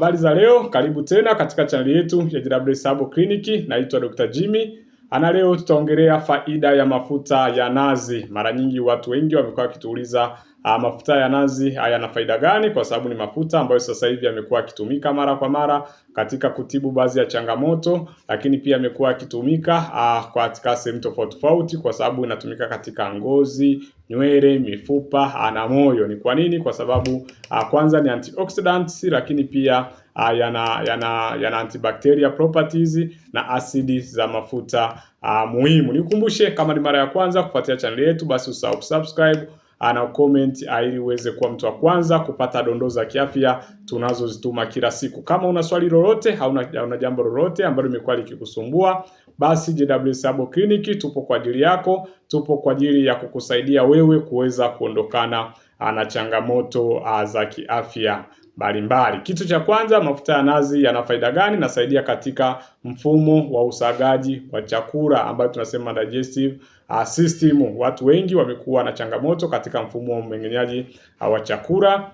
Habari za leo, karibu tena katika chaneli yetu ya JW Sabo Clinic. Naitwa Dr. Jimmy ana. Leo tutaongelea faida ya mafuta ya nazi. Mara nyingi watu wengi wamekuwa wakituuliza A, ah, mafuta ya nazi haya ah, yana faida gani? Kwa sababu ni mafuta ambayo sasa hivi yamekuwa yakitumika mara kwa mara katika kutibu baadhi ya changamoto, lakini pia yamekuwa yakitumika ah, katika sehemu tofauti tofauti, kwa sababu inatumika katika ngozi, nywele, mifupa na moyo. Ni kwa nini? Kwa sababu a, kwanza ni antioxidants, lakini pia a, yana yana yana antibacteria properties na asidi za mafuta a, muhimu. Nikukumbushe, kama ni mara ya kwanza kufuatia channel yetu, basi usahau subscribe na comment ili uweze kuwa mtu wa kwanza kupata dondoo za kiafya tunazozituma kila siku. Kama una swali lolote, hauna una jambo lolote ambalo limekuwa likikusumbua, basi JW Sabo Clinic tupo kwa ajili yako, tupo kwa ajili ya kukusaidia wewe kuweza kuondokana na changamoto ah, za kiafya mbalimbali. Kitu cha kwanza, mafuta ya nazi yana faida gani? Nasaidia katika mfumo wa usagaji wa chakula ambayo tunasema digestive uh, system. Watu wengi wamekuwa na changamoto katika mfumo wa mmeng'enyaji uh, wa chakula.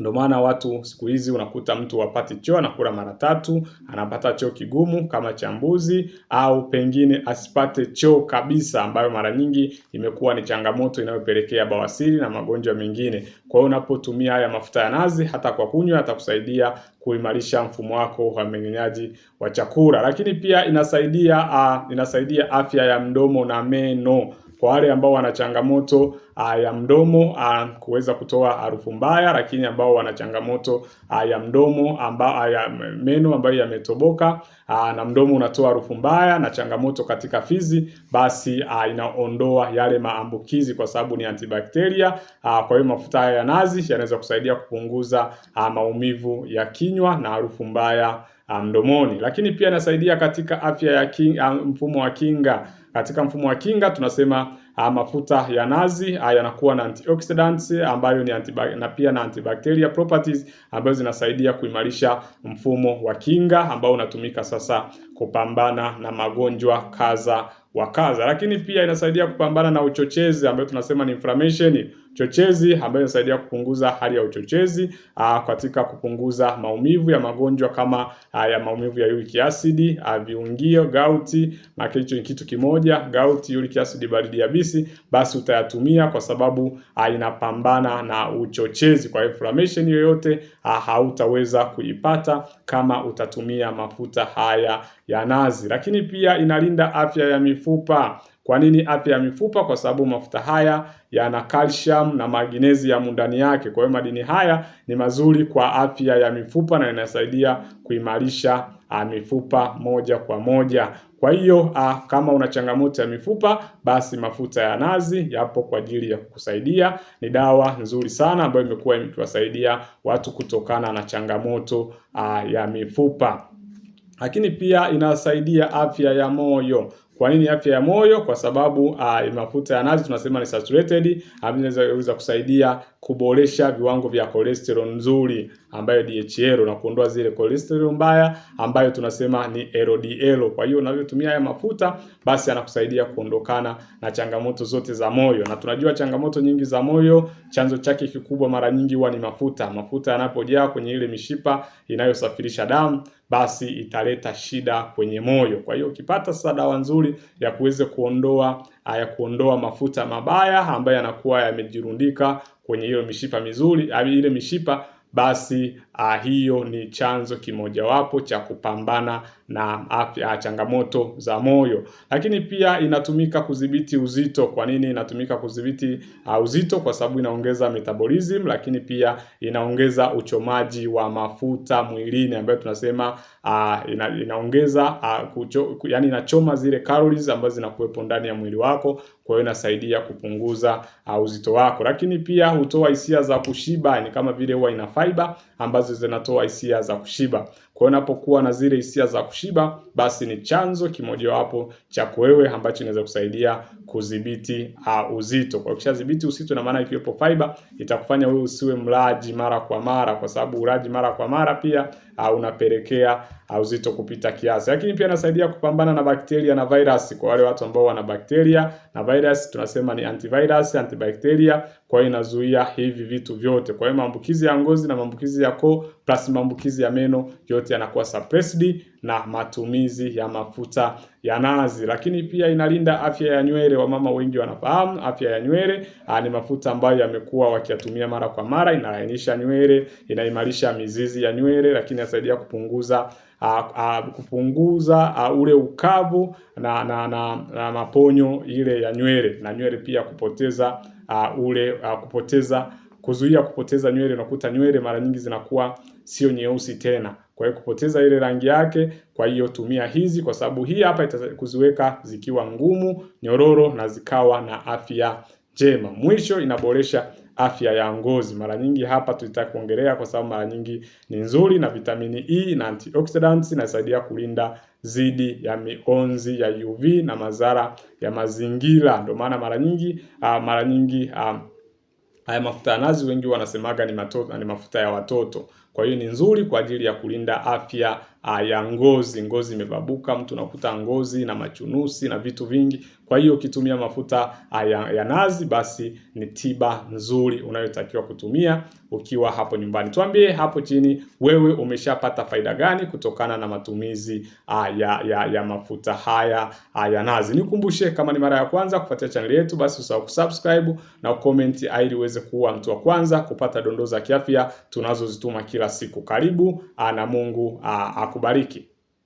Ndio maana watu siku hizi unakuta mtu wapati choo, anakula mara tatu, anapata choo kigumu kama cha mbuzi, au pengine asipate choo kabisa, ambayo mara nyingi imekuwa ni changamoto inayopelekea bawasiri na magonjwa mengine. Kwa hiyo unapotumia haya mafuta ya nazi, hata kwa kunywa, atakusaidia kuimarisha mfumo wako wa mmeng'enyaji wa chakula, lakini pia inasaidia uh, inasaidia afya ya mdomo na meno kwa wale ambao wana changamoto uh, ya mdomo uh, kuweza kutoa harufu mbaya, lakini ambao wana changamoto uh, ya mdomo ambao uh, ya meno ambayo yametoboka uh, na mdomo unatoa harufu mbaya na changamoto katika fizi, basi uh, inaondoa yale maambukizi kwa sababu ni antibakteria uh, kwa hiyo mafuta haya ya nazi yanaweza kusaidia kupunguza uh, maumivu ya kinywa na harufu mbaya Ah, mdomoni, lakini pia inasaidia katika afya ya kinga, ah, mfumo wa kinga. Katika mfumo wa kinga tunasema ah, mafuta ya nazi yanakuwa na antioxidants ambayo ni antiba, na pia na antibacteria properties ambazo zinasaidia kuimarisha mfumo wa kinga ambao unatumika sasa kupambana na magonjwa kaza wa kaza lakini pia inasaidia kupambana na uchochezi ambayo tunasema ni inflammation chochezi ambayo inasaidia kupunguza hali ya uchochezi uh, katika kupunguza maumivu ya magonjwa kama uh, ya maumivu ya uric acid uh, viungio gauti, na kicho kitu kimoja gout, uric acid, baridi yabisi, basi utayatumia kwa sababu uh, inapambana na uchochezi. Kwa inflammation yoyote uh, hautaweza kuipata kama utatumia mafuta haya ya nazi, lakini pia inalinda afya ya mifupa. Kwa nini afya ya mifupa? Kwa sababu mafuta haya yana calcium na magnesi ya ndani yake. Kwa hiyo madini haya ni mazuri kwa afya ya mifupa na yanasaidia kuimarisha mifupa moja kwa moja. Kwa hiyo uh, kama una changamoto ya mifupa, basi mafuta ya nazi yapo kwa ajili ya kukusaidia. Ni dawa nzuri sana ambayo imekuwa ikiwasaidia watu kutokana na changamoto uh, ya mifupa lakini pia inasaidia afya ya moyo. Kwa nini afya ya moyo? Kwa sababu uh, mafuta ya nazi tunasema ni saturated, ah, inaweza kusaidia kuboresha viwango vya cholesterol nzuri ambayo DHL na kuondoa zile cholesterol mbaya ambayo tunasema ni LDL. Kwa hiyo unavyotumia haya mafuta basi anakusaidia kuondokana na changamoto zote za moyo, na tunajua changamoto nyingi za moyo chanzo chake kikubwa mara nyingi huwa ni mafuta. Mafuta yanapojaa kwenye ile mishipa inayosafirisha damu basi italeta shida kwenye moyo. Kwa hiyo ukipata sasa dawa nzuri ya kuweza kuondoa ya kuondoa mafuta mabaya ambayo yanakuwa yamejirundika kwenye hiyo mishipa mizuri yaani ile mishipa basi uh, hiyo ni chanzo kimojawapo cha kupambana na afya, ah, changamoto za moyo. Lakini pia inatumika kudhibiti uzito. Kwa nini inatumika kudhibiti uh, uzito? Kwa sababu inaongeza metabolism, lakini pia inaongeza uchomaji wa mafuta mwilini ambayo tunasema uh, ina, inaongeza uh, kucho, yani inachoma zile calories ambazo zinakuwepo ndani ya mwili wako, kwa hiyo inasaidia kupunguza uh, uzito wako, lakini pia hutoa hisia za kushiba, ni kama vile huwa ina fiber ambazo ambazo zinatoa hisia za kushiba kwa hiyo unapokuwa na zile hisia za kushiba, basi ni chanzo kimojawapo cha wewe ambacho inaweza kusaidia kudhibiti uh, uzito. Kwa ukishadhibiti uzito na maana ikiwepo fiber itakufanya wewe usiwe mlaji mara kwa mara, kwa sababu ulaji mara kwa mara pia uh, unapelekea uh, uzito kupita kiasi. Lakini pia inasaidia kupambana na bakteria na virus. Kwa wale watu ambao wana bakteria na virus tunasema ni antivirus, antibacteria. Kwa hiyo inazuia hivi vitu vyote. Kwa hiyo maambukizi ya ngozi na maambukizi ya koo plus maambukizi ya meno yote yote yanakuwa suppressed na matumizi ya mafuta ya nazi. Lakini pia inalinda afya ya nywele. Wamama wengi wanafahamu afya ya nywele ah, ni mafuta ambayo yamekuwa wakiyatumia mara kwa mara. Inalainisha nywele, inaimarisha mizizi ya nywele, lakini inasaidia kupunguza a, ah, a, ah, kupunguza a, ule ukavu na, na, na, na maponyo ile ya nywele na nywele pia kupoteza a, ule a, kupoteza kuzuia kupoteza nywele. Unakuta nywele mara nyingi zinakuwa sio nyeusi tena kwa hiyo kupoteza ile rangi yake. Kwa hiyo tumia hizi, kwa sababu hii hapa itakuziweka zikiwa ngumu, nyororo na zikawa na afya njema. Mwisho inaboresha afya ya ngozi. Mara nyingi hapa tulitaka kuongelea kwa sababu mara nyingi ni nzuri na vitamini E na antioxidants inasaidia kulinda dhidi ya mionzi ya UV na madhara ya mazingira. Ndio maana mara nyingi uh, mara nyingi uh, haya mafuta ya nazi wengi wanasemaga ni, ni mafuta ya watoto. Kwa hiyo ni nzuri kwa ajili ya kulinda afya ah, ya ngozi. Ngozi imebabuka, mtu unakuta ngozi na machunusi na vitu vingi. Kwa hiyo ukitumia mafuta ah, ya, ya nazi, basi ni tiba nzuri unayotakiwa kutumia ukiwa hapo nyumbani. Tuambie hapo chini wewe umeshapata faida gani kutokana na matumizi ah, ya, ya, ya mafuta haya ya nazi. Nikumbushe, kama ni mara ya kwanza kufuatia chaneli yetu, basi usahau kusubscribe na comment, ili uweze kuwa mtu wa kwanza kupata dondoo za kiafya tunazozituma kila siku. Karibu ah, na Mungu ah, akubariki.